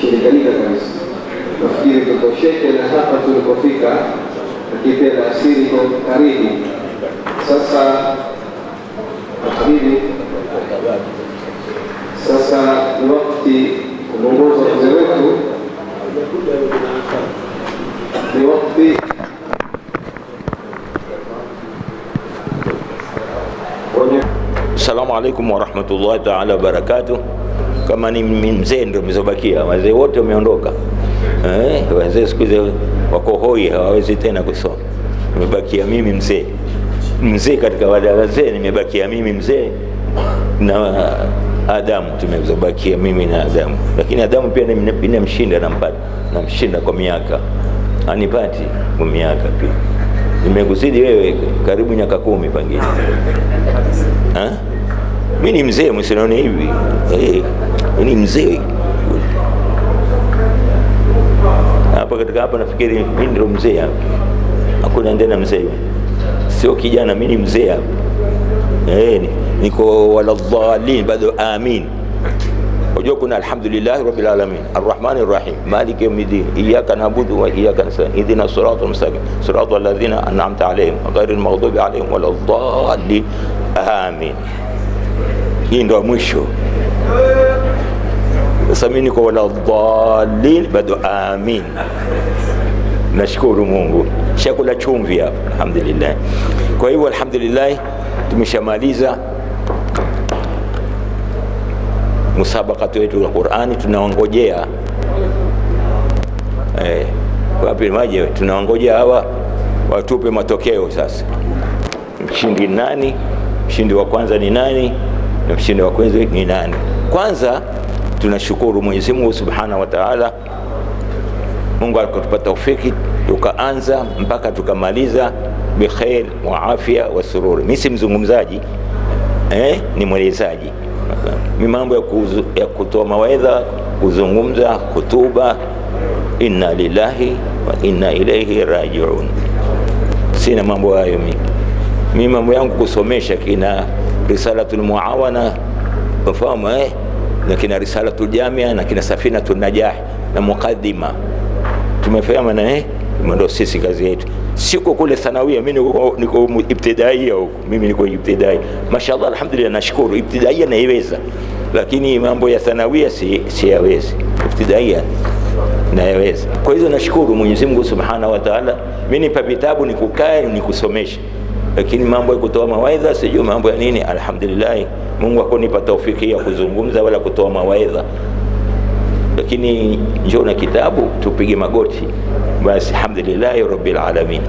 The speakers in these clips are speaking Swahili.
kushirikiana kabisa. Nafikiri tutosheke na hapa tulipofika, lakini pia na asili kwa karibu. Sasa habibi, sasa ni wakati kumwongoza mzee wetu, ni wakati Assalamu alaikum warahmatullahi taala wabarakatuh. kama ni mzee ndio mmezobakia, wazee wote wameondoka. Eh, wazee siku hizi wako hoi, hawawezi tena kusoma. Nimebakia mimi mzee, mzee katika wada wazee, nimebakia mimi mzee na Adamu, tumezobakia mimi na Adamu. Lakini Adamu pia namshinda, nampata, namshinda kwa miaka, anipati kwa miaka pia. Nimekuzidi wewe karibu miaka kumi pangine. Eh? mi ni mzee msinione hivi eh ni mzee hapa katika hapa, nafikiri mimi ndio mzee hapa. Hakuna ndena mzee, sio kijana, mimi ni mzee hapa. Eh, niko wala dhalin bado, amin. Unajua kuna alhamdulillahi rabbil alamin arrahmanir rahim maliki yawmiddin iyyaka na'budu wa iyyaka nasta'in ihdina siratal mustaqim siratal ladzina an'amta alaihim ghayril maghdubi alaihim waladdallin amin. Hii ndio mwisho. Sasa mimi niko wala dhalil bado, amin. Nashukuru Mungu, shakula chumvi hapa, alhamdulillah. Kwa hivyo alhamdulillah, tumeshamaliza musabakati wetu wa Qur'ani, tunaongojea eh, wapi maji, tunaongojea hawa watupe matokeo sasa, mshindi nani? Mshindi wa kwanza ni nani? na mshindi wa kwanza ni nani? Kwanza Tunashukuru Mwenyezi Mungu Subhanahu wa Ta'ala, Mungu alikotupa taufiki tukaanza mpaka tukamaliza bikhair wa afya wa sururi. Mimi si mzungumzaji eh, ni mwelezaji. Mi mambo ya, ya kutoa mawaidha, kuzungumza hutuba, inna lillahi wa inna ilaihi rajiun. Sina mambo hayo mimi. mi mambo yangu kusomesha kina risalatul muawana, unafahamu eh na kina Risalatul Jamia na kina Safinatul Najah na mukadima tumefahama na eh, ndio sisi kazi yetu. Siko kule thanawia, mimi niko niko ibtidaia huko, mimi niko ibtidai Mashaallah, alhamdulillah, nashukuru ibtidaia naiweza, lakini mambo ya thanawia si siyawezi, ibtidaia nayaweza. Kwa hizo nashukuru Mwenyezi Mungu Subhanahu wa Ta'ala, mimi nipa vitabu nikukae nikusomesha lakini mambo ya kutoa mawaidha sijui mambo ya nini, alhamdulillah, Mungu akunipa taufiki ya kuzungumza wala kutoa mawaidha, lakini njoo na kitabu tupige magoti basi. Alhamdulillah rabbil alamin,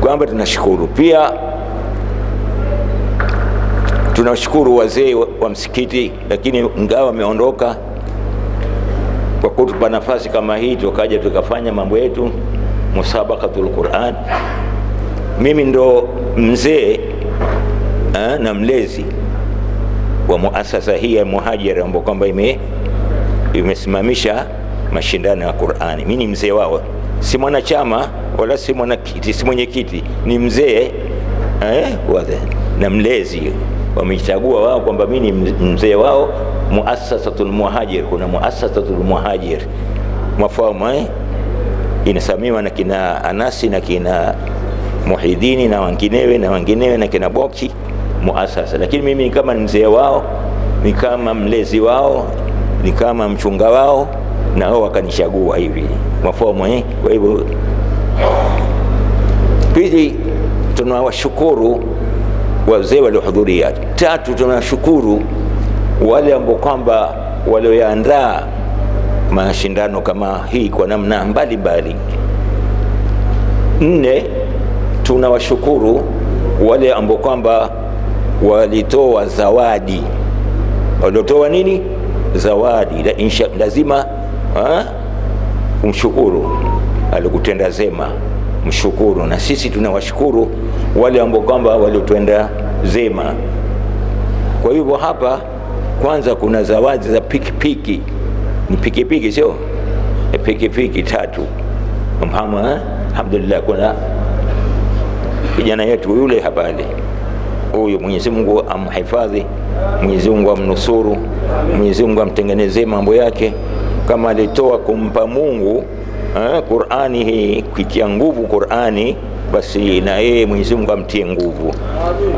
kwamba tunashukuru. Pia tunashukuru wazee wa msikiti, lakini ngawa wameondoka, kwa kutupa nafasi kama hii tukaja tukafanya mambo yetu musabaqatul Quran mimi ndo mzee eh, na mlezi wa muasasa hii ya Muhajir ambao kwamba ime imesimamisha mashindano ya Qur'ani. Mimi ni mzee wao, si mwanachama wala si mwanakiti, si mwenyekiti, ni mzee eh, na mlezi. Wamechagua wao kwamba mimi ni mzee wao, muasasatul Muhajir. Kuna muasasatul Muhajir, mafahamu eh, inasamiwa na kina Anasi na kina Muhidini na wanginewe na wanginewe na kina Boksi muasasa, lakini mimi ni kama mzee wao, ni kama mlezi wao, ni kama mchunga wao, na wao wakanichagua hivi mafomo eh. Kwa hivyo pili, tunawashukuru wazee waliohudhuria. Tatu, tunashukuru wale ambao kwamba walioandaa mashindano kama hii kwa namna mbalimbali. Nne, tunawashukuru wale ambao kwamba walitoa zawadi, waliotoa nini? Zawadi la insha, lazima ha? Umshukuru alikutenda zema, mshukuru. Na sisi tunawashukuru wale ambao kwamba waliotenda zema. Kwa hivyo hapa kwanza kuna zawadi za pikipiki, ni pikipiki sio pikipiki tatu mhama, alhamdulillah kuna kijana yetu yule habari huyu, Mwenyezi Mungu amhifadhi, Mwenyezi Mungu amnusuru, Mwenyezi Mungu amtengenezee mambo yake kama alitoa kumpa Mungu eh, Qur'ani hii kitia nguvu Qur'ani, basi na yeye Mwenyezi Mungu amtie nguvu,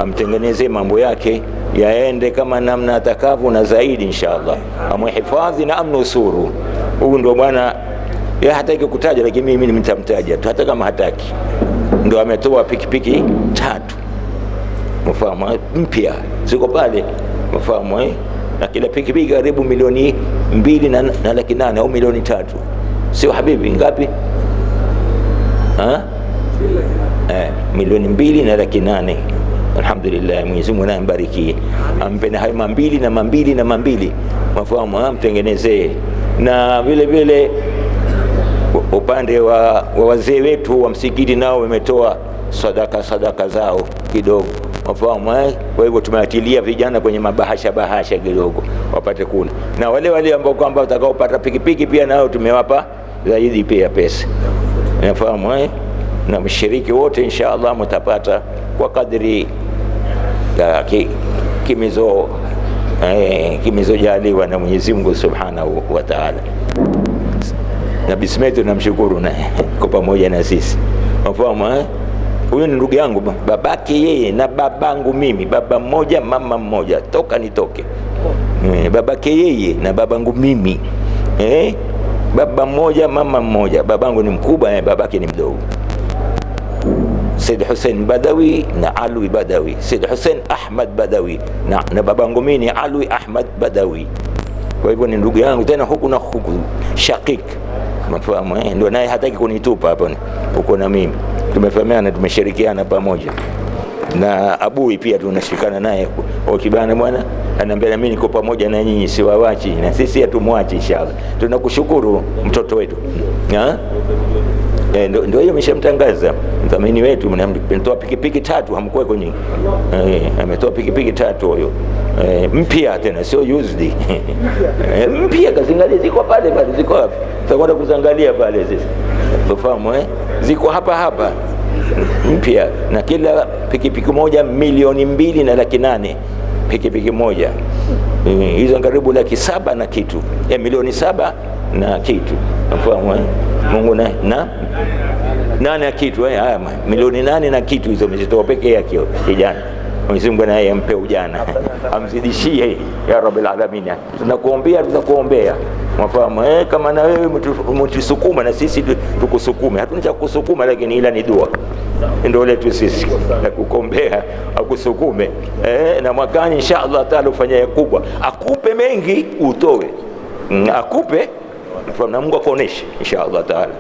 amtengenezee mambo yake yaende kama namna atakavyo na zaidi, inshallah amhifadhi na amnusuru. Huyu ndio bwana, hataki kutaja, lakini mimi nitamtaja tu hata kama hataki ndio ametoa pikipiki tatu mfahamu mpya ziko pale mfahamu eh? na kila pikipiki karibu milioni mbili na, na laki nane au milioni tatu, sio habibi? Ngapi ha? Eh, milioni mbili na laki nane. Alhamdulillah, Mwenyezi Mungu naye ampe na hayo mambili na mambili na mambili, mfahamu mtengenezee na vile vile upande wa, wa wazee wetu wa msikiti nao wametoa sadaka sadaka zao kidogo, wafahamu eh. Kwa hivyo tumeatilia vijana kwenye mabahasha bahasha kidogo wapate kula, na wale wale ambao kwamba watakaopata pikipiki pia nao tumewapa zaidi pia pesa, nafahamu eh, na mshiriki wote insha Allah mtapata kwa kadri ya kimizo eh, kimizojaliwa na Mwenyezi Mungu Subhanahu wa Ta'ala na Bismet tunamshukuru naye kwa pamoja na sisi mafahamu eh? Huyo ni ndugu yangu, babake yeye na babangu mimi, baba mmoja mama mmoja, toka nitoke eh, babake yeye na babangu mimi eh? baba mmoja mama mmoja, babangu ni mkubwa eh, babake ni mdogo. Said Hussein Badawi na Alwi Badawi, Said Hussein Ahmad Badawi na, na babangu mimi ni Alwi Ahmad Badawi. Kwa hivyo ni ndugu yangu tena huku na huku, shakik Unafahamu eh? Ndio naye hataki kunitupa hapa, uko na mimi, tumefahamiana, tumeshirikiana pamoja na Abui pia tunashikana naye kibana bwana, anaambia na mimi niko pamoja na nyinyi, siwawachi na sisi hatumwachi. Inshallah, tunakushukuru mtoto wetu ha? Eh, ndio hiyo ameshamtangaza mdhamini wetu, ametoa pikipiki tatu, hamkuweko kwenye eh, ametoa pikipiki tatu huyo eh, mpya tena, sio used eh, mpya. Kazingalia ziko pale pale, ziko hapa, tutakwenda kuzangalia pale sisi, ufahamu eh, ziko hapa hapa mpya, na kila pikipiki moja milioni mbili na laki nane pikipiki moja eh, hizo, eh, karibu laki saba na kitu eh, milioni saba na kitu nafahamu Mungu na, na nane ya kitu eh, haya milioni nane na kitu hizo amezitoa peke yake kijana. Mwenyezi Mungu naye ampe ujana amzidishie ya Rabbil Alamin. Tunakuombea, tunakuombea mafahamu eh, kama na wewe mtusukuma na sisi tukusukume. Hatuna cha kusukuma, lakini ila ni dua ndio letu sisi na kukombea akusukume eh, na mwakani insha Allah taala ufanyaye kubwa, akupe mengi utoe, akupe na Mungu akuoneshe inshallah taala,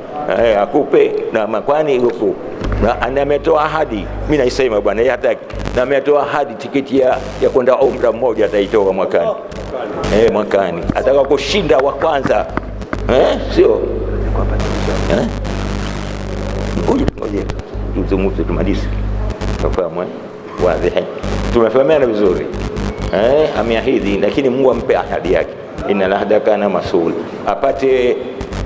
eh, akupe na makwani huku na, ametoa ahadi, mimi naisema bwana, yeye hataki, na ametoa ahadi tiketi ya, ya kwenda umra mmoja ataitoa mwakani eh, mwakani ataka kushinda wa kwanza eh, sio eh, tuzungumze tumalize, tufahamu eh? wazi eh? tumefahamiana vizuri eh, ameahidi, lakini Mungu ampe ahadi yake inna lahda kana masul, apate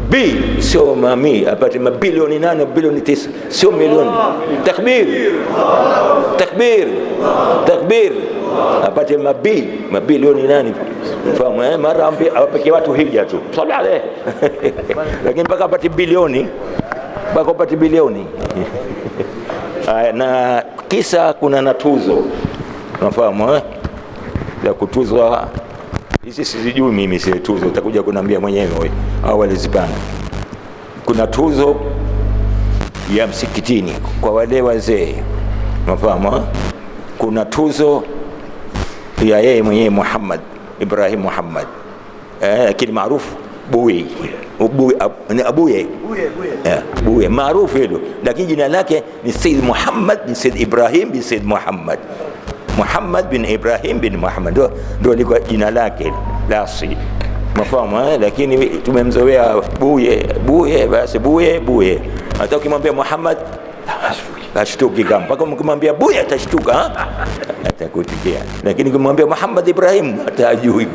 B sio mami, apate mabilioni nane, bilioni tisa, sio milioni. Takbir, takbir, takbir, apate mabi mabilioni nane. Fahamu eh, mara awapeke watu hija tu salale, lakini mpaka apate bilioni, mpaka apate bilioni na kisa kuna natuzo, nafahamu eh, ya kutuzwa hizi sizijui mimi zile tuzo, utakuja kuniambia mwenyewe au walizipanga. Kuna tuzo ya msikitini kwa wale wazee, unafahamu. Eh? Kuna tuzo ya yeye mwenyewe Muhammad Ibrahim Muhammad, eh, lakini eh, maarufu Bui Buye, Buye. Yeah, Buye maarufu hilo, lakini jina lake ni Said Muhammad bin Said Ibrahim bin Said Muhammad. Muhammad bin Ibrahim bin Muhammad ndio alikuwa jina lake la asili mafahamu eh? Lakini tumemzoea buye buye, basi buye buye. Hata ukimwambia Muhammad ashtuki, kama mpaka ukimwambia buye atashtuka, eh? atakutikia. Lakini ukimwambia Muhammad Ibrahim atajui,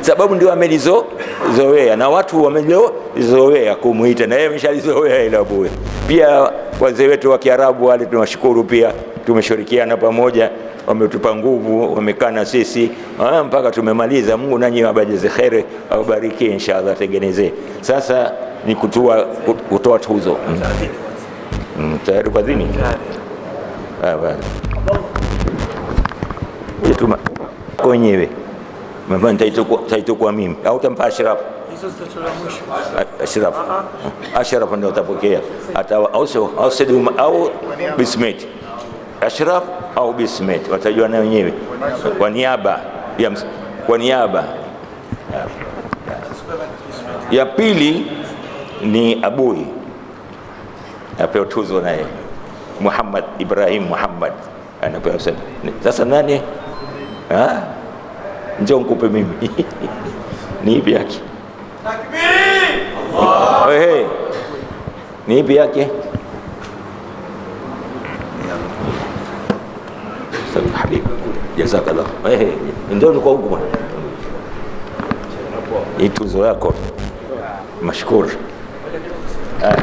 sababu ndio amelizoea na watu wamelizoea kumuita, na yeye ameshalizoea ila buye. Pia wazee wetu wa Kiarabu wale tunawashukuru, pia tumeshirikiana pamoja wametupa nguvu, wamekaa na sisi ah, mpaka tumemaliza. Mungu nanyi abajaze kheri, awabariki inshallah, tengeneze Sasa ni kutua, kutoa tuzo mm. Mm, tayari kwa dini ah, wenyewe taitukwa mimi au tampa Ashraf Ashraf ah, ndio utapokea, au bismeti Ashraf au Bismet watajua na wenyewe kwa niaba ya, kwa niaba ya pili ni Abui apewa tuzo naye Muhammad Ibrahim Muhammad anapewa sasa. Nani njoo nikupe mimi ni ipi yake? Takbir! Allahu akbar! ni ipi yake? Hassan Habib jazakallah. Ndio kwa huko bwana, hii tuzo yako mashukuru. Ah,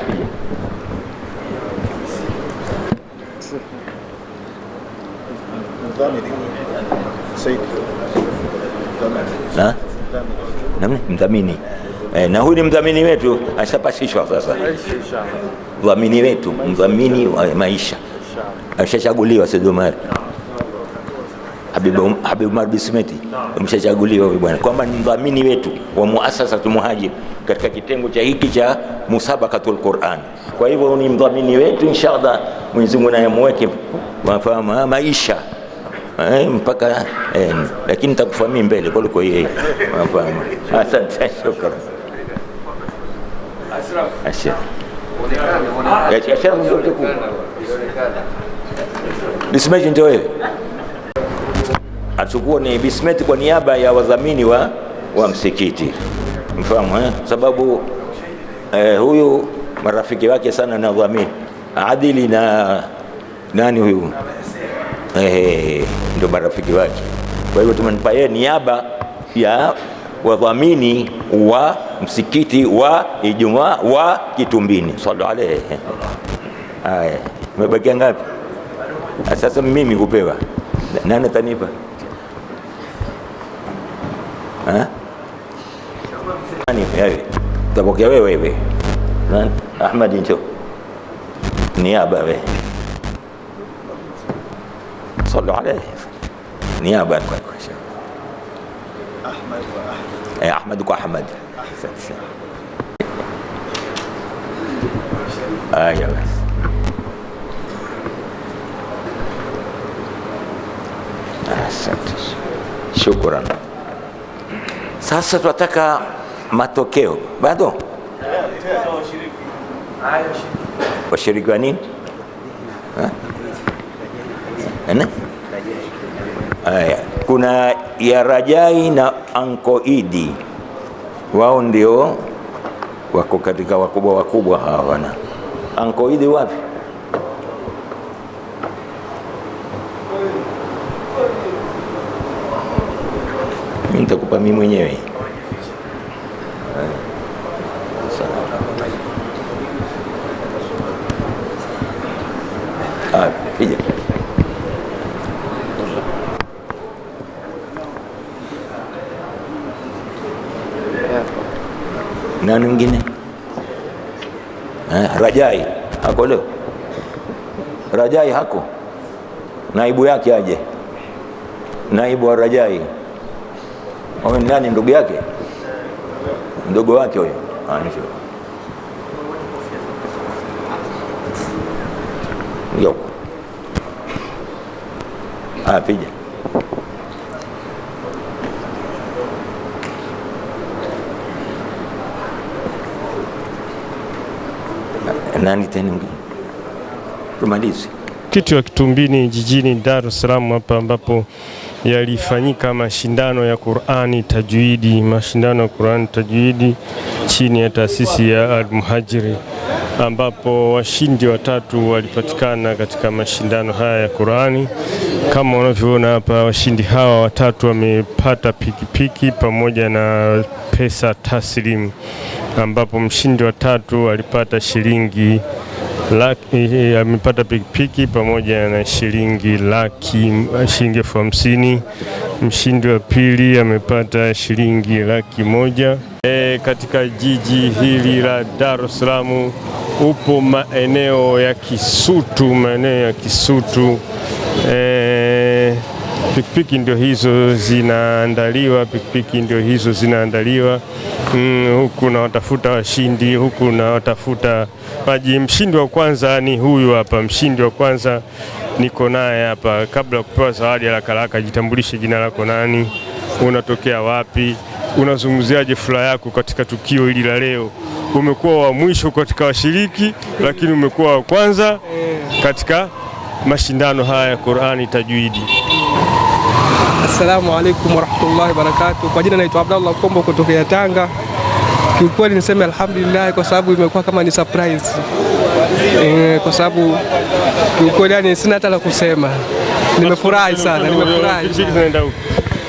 mdhamini eh, na huyu ni mdhamini wetu, ashapasishwa sasa, mdhamini wetu, mdhamini wa maisha ashachaguliwa sidumari Habibu Umar Bisimeti umeshachaguliwa bwana kwamba ni mdhamini wetu wa muasasa Muhajir katika kitengo cha hiki cha musabakatul Quran. Kwa hivyo ni mdhamini wetu inshallah, Mwenyezi Mungu naye muweke mafama maisha eh, mpaka eh, lakini nitakufahamia mbele kuliko yeye Mafahamu, Asante, shukrani Ashraf. Ashraf ndio wewe achukua ni bismeti kwa niaba ya wadhamini wa, wa msikiti mfahamu eh? Sababu eh, huyu marafiki wake sana na dhamini Adili na nani huyu eh, ndio marafiki wake. Kwa hivyo tumempa yeye niaba ya wadhamini wa msikiti wa Ijumaa wa Kitumbini. Sallu alayhi. Haya, umebakia ngapi? Sasa mimi kupewa nani atanipa? Ha? Nani wewe? Utapokea wewe wewe. Nani? Ahmad njoo. Niaba wewe. Sallu alayhi. Niaba kwa kwa shekhi. Ahmad kwa Ahmad. Eh, Ahmad kwa Ahmad. Ahsante sana. Haya basi. Asante. Shukran. Sasa tunataka matokeo bado, washiriki wa nini? Aya, kuna ya Rajai na Ankoidi, wao ndio wako katika wakubwa wakubwa hawana. Idi wapi? kwa mimi mwenyewe. Nani mwingine? Rajai hako leo? Rajai hako, naibu yake aje, naibu wa Rajai. Huyu ni nani? Ndugu yake, mdogo wake huyo. Ah, ah, pija nani tena mwingine tumalize kitu ya Kitumbini jijini Dar es Salaam hapa ambapo yalifanyika mashindano ya Qur'ani tajwidi, mashindano ya Qur'ani tajwidi chini ya taasisi ya Al-Muhajiri ambapo washindi watatu walipatikana katika mashindano haya ya Qur'ani. Kama unavyoona hapa, washindi hawa watatu wamepata pikipiki pamoja na pesa taslimu, ambapo mshindi wa tatu alipata shilingi amepata pikipiki pamoja na shilingi laki shilingi elfu hamsini. Mshindi wa pili amepata shilingi laki moja. E, katika jiji hili la Dar es Salaam upo maeneo ya Kisutu, maeneo ya Kisutu e, pikipiki ndio hizo zinaandaliwa, pikipiki ndio hizo zinaandaliwa mm, huku na watafuta washindi huku na watafuta maji. Mshindi wa kwanza ni huyu hapa, mshindi wa kwanza niko naye hapa. Kabla ya kupewa zawadi, haraka haraka, jitambulishe, jina lako nani, unatokea wapi, unazungumziaje furaha yako katika tukio hili la leo? Umekuwa wa mwisho katika washiriki, lakini umekuwa wa kwanza katika mashindano haya ya Qur'ani tajwidi. Assalamu alaikum warahmatullahi wabarakatuh. Kwa jina naitwa Abdallah Kombo kutokea Tanga. Kiukweli niseme alhamdulillah, kwa sababu imekuwa kama ni surprise e, kwa sababu kiukweli yani sina hata la kusema. Nimefurahi sana, nimefurahi.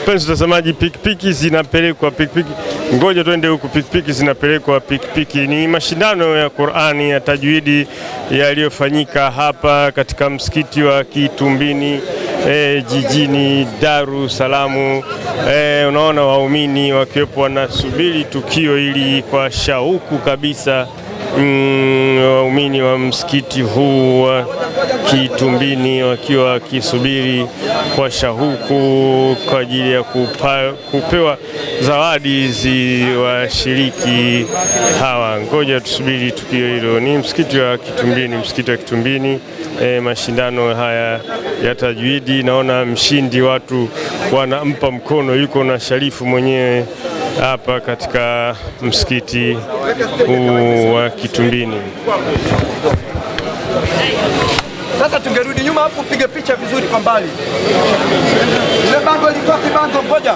Penzi tazamaji, pikipiki zinapelekwa pikipiki, ngoja twende huku. Pikipiki zinapelekwa pikipiki. Ni mashindano ya Qur'ani ya tajwidi yaliyofanyika hapa katika msikiti wa Kitumbini eh, jijini Daru Salamu. Eh, unaona waumini wakiwepo wanasubiri tukio hili kwa shauku kabisa waumini mm, wa msikiti huu wa Kitumbini wakiwa wakisubiri kwa shauku kwa ajili ya kupa, kupewa zawadi zi washiriki hawa. Ngoja tusubiri tukio hilo. Ni msikiti wa Kitumbini, msikiti wa Kitumbini. E, mashindano haya ya tajwidi, naona mshindi watu wanampa mkono, yuko na sharifu mwenyewe hapa katika msikiti huu wa Kitumbini. Sasa tungerudi nyuma hapo, upige picha vizuri kwa mbali. Ile bango ilikuwa kibango moja.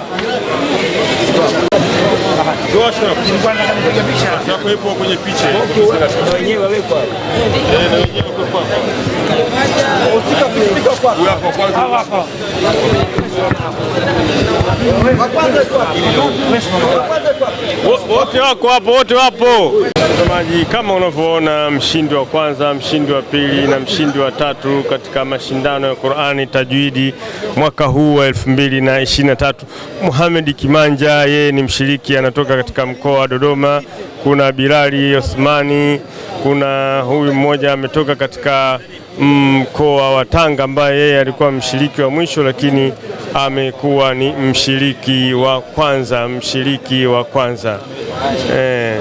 Kwenye picha na wenyewe wote wako hapo, wote wapo watazamaji. Kama unavyoona, mshindi wa kwanza, mshindi wa pili na mshindi wa tatu katika mashindano ya Qur'ani tajwidi mwaka huu wa 2023 Muhammad Kimanja, yeye ni mshiriki, anatoka katika mkoa wa Dodoma. Kuna Bilali Osmani, kuna huyu mmoja ametoka katika mm, mkoa wa Tanga ambaye yeye alikuwa mshiriki wa mwisho lakini amekuwa ni mshiriki wa kwanza, mshiriki wa kwanza e.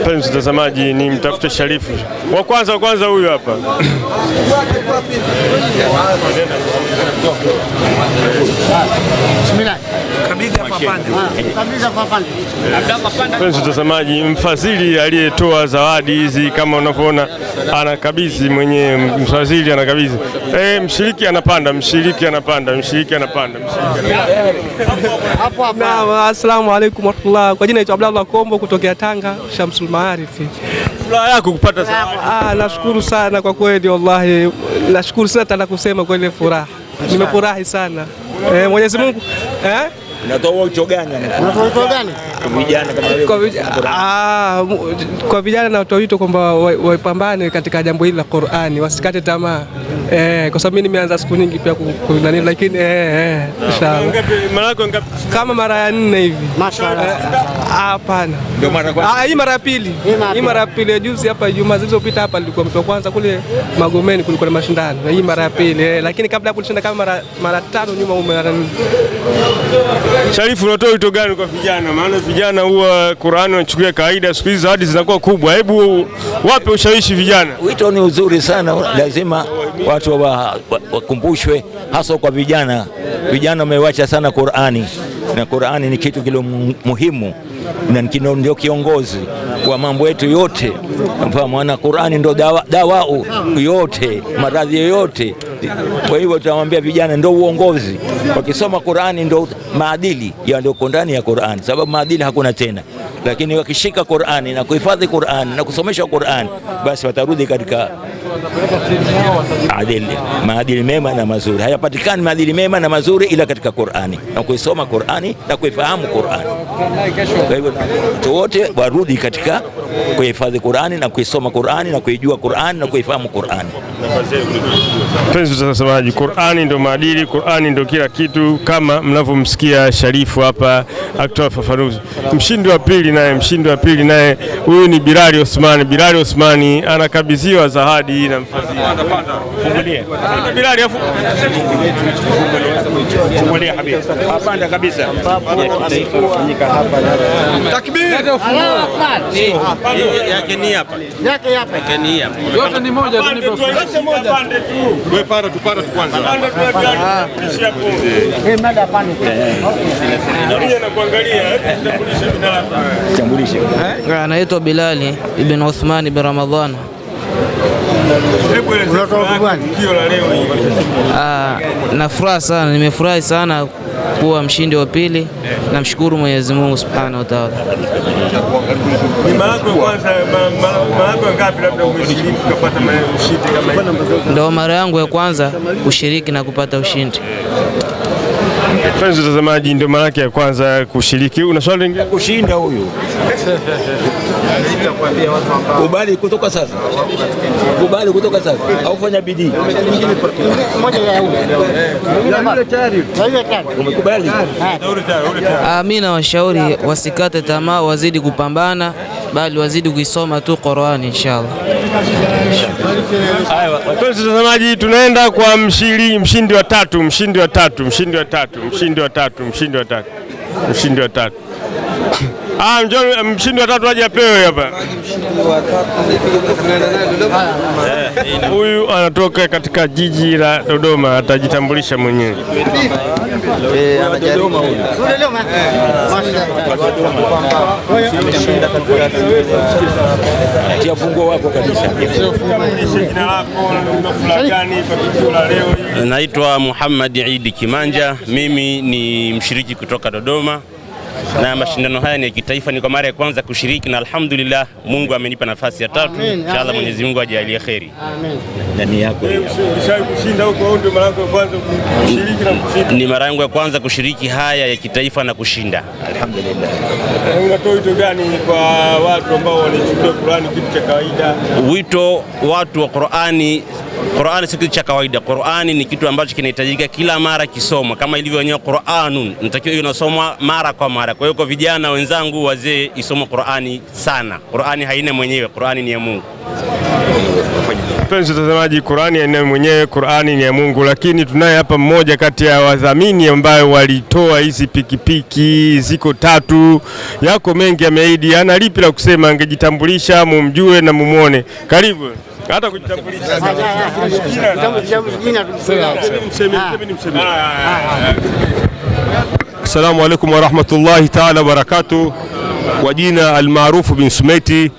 Mpenzi mtazamaji, ni mtafute Sharifu wa kwanza wa kwanza, huyu hapa Ah. Mpenzi mtazamaji, mfadhili aliyetoa zawadi hizi kama unavyoona anakabidhi mwenyewe, mfadhili anakabidhi. Eh, mshiriki anapanda, mshiriki anapanda, mshiriki anapanda. Naam, assalamu alaykum warahmatullah. Kwa jina naitwa Abdallah Kombo kutokea Tanga, Shamsul Maarifi. Furaha yako kupata zawadi? Ah, nashukuru sana kwa kweli, wallahi nashukuru sana, tata kusema kweli, furaha, nimefurahi sana eh, Mwenyezi Mungu eh Unatoa wito gani? Unatoa wito gani kwa vijana kama wewe? Kwa vijana ah, kwa vijana natoa wito kwamba wapambane katika jambo hili la Qur'ani, wasikate tamaa. Eh, kwa sababu mimi nimeanza siku nyingi pia kunani, lakini eh, eh, ah, inshallah. Mara yako ngapi? Kama mara ya nne hivi. Mashaallah. Eh, ah, hapana. Ndio mara kwa. Ah, hii mara ya pili. Hii mara ya pili eh, juzi hapa Ijumaa zilizopita hapa nilikuwa mtu wa kwanza kule Magomeni kulikuwa na mashindano. Hii mara ya pili. Eh, lakini kabla hapo nilishinda kama mara mara tano nyuma huko mara nne. Sharifu, unatoa wito gani kwa vijana? Maana vijana huwa Qur'an wanachukulia kawaida, siku hizi hadi zinakuwa kubwa. Hebu wape ushawishi vijana. Wito ni uzuri sana, lazima watu wakumbushwe wa, wa hasa kwa vijana. Vijana wamewacha sana Qur'ani, na Qur'ani ni kitu kilo muhimu na ndio kiongozi wa mambo yetu yote, kwa maana Qur'ani ndio dawa, dawa yote maradhi yote kwa hivyo tunamwambia vijana, ndio uongozi, wakisoma Qurani ndio maadili yalioko ndani ya Qurani, sababu maadili hakuna tena, lakini wakishika Qurani na kuhifadhi Qurani na kusomesha Qurani, basi watarudi katika adili, maadili mema na mazuri. Hayapatikani maadili mema na mazuri ila katika Qurani na kuisoma Qurani na kuifahamu Qurani. Kwa hivyo wote warudi katika kuhifadhi Qurani na kuisoma Qurani na kuijua Qurani na kuifahamu Qurani. Mpenzi mtazamaji, Qurani ndio maadili, Qurani ndio kila kitu, kama mnavyomsikia Sharifu hapa akitoa fafanuzi. Mshindi wa pili naye, mshindi wa pili naye huyu ni Bilali Osmani. Bilali Osmani anakabidhiwa zahadi na mfadhili Bilali, afu fungulia habibi kabisa. Takbir! yake ni hapa, yake hapa, yake ni hapa, yote ni moja tu, ni moja tu, para tu, para tu kwanza, ah. eh, eh mada pande eh, eh. na kuangalia Anaitwa Bilali ibn Uthman ibn Ramadhan. Ah, na furaha sana, nimefurahi sana kuwa mshindi wa pili. Namshukuru Mwenyezi Mungu Subhanahu wa Ta'ala. Ndio mara yangu ya kwanza kushiriki na kupata ushindi. Mpenzi mtazamaji, ndio mara yake ya kwanza kushiriki. Una swali lingine? Kushinda huyu. Kubali kutoka sasa. Kubali kutoka sasa. Au fanya bidii. Moja ya Umekubali? Ah, mimi nawashauri wasikate tamaa, wazidi kupambana, bali wazidi kuisoma tu Qur'ani inshallah. Haya, tunaenda kwa mshiri, mshindi wa tatu, mshindi wa tatu, mshindi wa tatu, mshindi wa tatu, mshindi wa tatu, mshindi wa tatu. Ah, njoo eh, mshindi wa tatu aje apewe hapa. Huyu anatoka katika jiji la Dodoma, atajitambulisha mwenyewe. Naitwa Muhammad Idi Kimanja, mimi ni mshiriki kutoka Dodoma na mashindano haya ni ya kitaifa, ni kwa mara ya kwanza kushiriki na alhamdulillah, Mungu amenipa nafasi ya tatu. Inshallah Mwenyezi Mungu ajalie kheri. Ni mara yangu ya kwanza kushiriki haya ya kitaifa na kushinda, alhamdulillah. gani kwa watu ambao Qur'ani kitu cha kawaida? Wito watu wa Qur'ani Qur'ani si kitu cha kawaida. Qur'ani ni kitu ambacho kinahitajika kila mara kisomwa, kama ilivyo wenyewe Qur'anun, inatakiwa inasomwa mara kwa mara. Kwa hiyo kwa vijana wenzangu, wazee, isomwe Qur'ani sana. Qur'ani haina mwenyewe, Qur'ani ni ya Mungu. Mpenzi mtazamaji, Qur'ani haina mwenyewe, Qur'ani ni ya Mungu. Lakini tunaye hapa mmoja kati ya wadhamini ambayo walitoa hizi pikipiki, ziko tatu, yako mengi, ameahidi. Ana lipi la kusema? Angejitambulisha, mumjue na mumwone. Karibu hata kujitambulisha. alaykum wa warahmatullahi taala wabarakatuh. Kwa jina almaarufu bin Sumeti,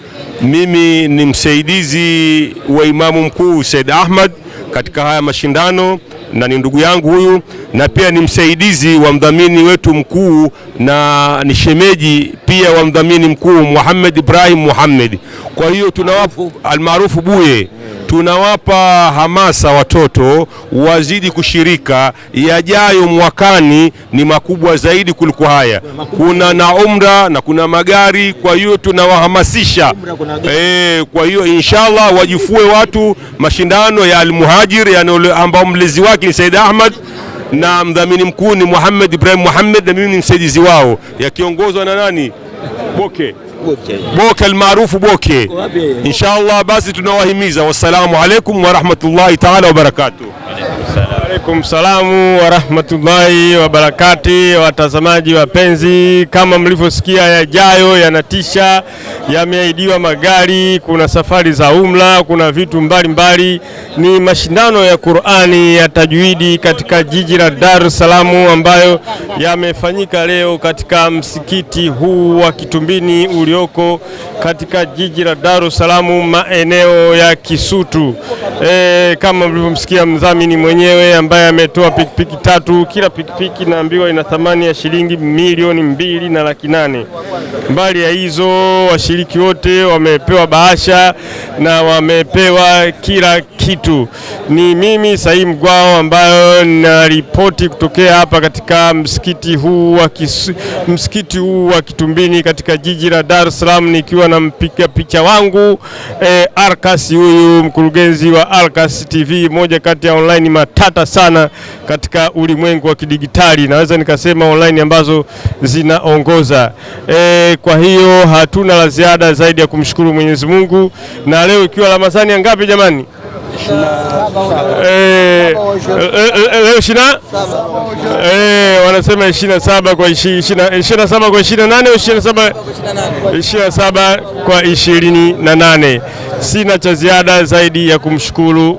mimi ni msaidizi wa imamu mkuu Said Ahmad katika haya mashindano na ni ndugu yangu huyu, na pia ni msaidizi wa mdhamini wetu mkuu na ni shemeji pia wa mdhamini mkuu Muhammad Ibrahim Muhammad. Kwa hiyo tunawapo almaarufu Buye tunawapa hamasa watoto wazidi kushirika. Yajayo mwakani ni makubwa zaidi kuliko haya, kuna na umra na kuna magari. Kwa hiyo tunawahamasisha e, kwa hiyo inshallah wajifue watu mashindano ya Almuhajir ambao mlezi wake ni Said Ahmad na mdhamini mkuu ni Muhammad Ibrahim Muhammad na mimi ni msaidizi wao, yakiongozwa na nani Boke. بوك المعروف بوك ان شاء الله بس تنوهي ميزه والسلام عليكم ورحمه الله تعالى وبركاته Waalaikum salamu warahmatullahi wabarakati, watazamaji wapenzi, kama mlivyosikia, yajayo yanatisha, yameahidiwa magari, kuna safari za umla kuna vitu mbalimbali mbali. Ni mashindano ya Qur'ani ya tajwidi katika jiji la Dar es Salaam ambayo yamefanyika leo katika msikiti huu wa Kitumbini ulioko katika jiji la Dar es Salaam maeneo ya Kisutu. E, kama mlivyomsikia mdhamini mwenyewe ambaye ametoa pikipiki tatu, kila pikipiki naambiwa ina thamani ya shilingi milioni mbili na laki nane. Mbali ya hizo, washiriki wote wamepewa bahasha na wamepewa kila kitu. Ni mimi Saii Mgwao ambayo naripoti kutokea hapa katika msikiti huu wa msikiti huu wa Kitumbini katika jiji la Dar es Salaam, nikiwa na mpiga picha wangu e, eh, Arkas, huyu mkurugenzi wa Arkas TV, moja kati ya online matata sana katika ulimwengu wa kidigitali, naweza nikasema online ambazo zinaongoza e, kwa hiyo hatuna la ziada zaidi ya kumshukuru Mwenyezi Mungu na leo ikiwa Ramadhani ya ngapi jamani? leo eh, ishina eh, eh, wanasema ishirini na saba kwa ishirini na saba kwa ishirini na nane ishirini na saba kwa ishirini na nane Sina cha ziada zaidi ya kumshukuru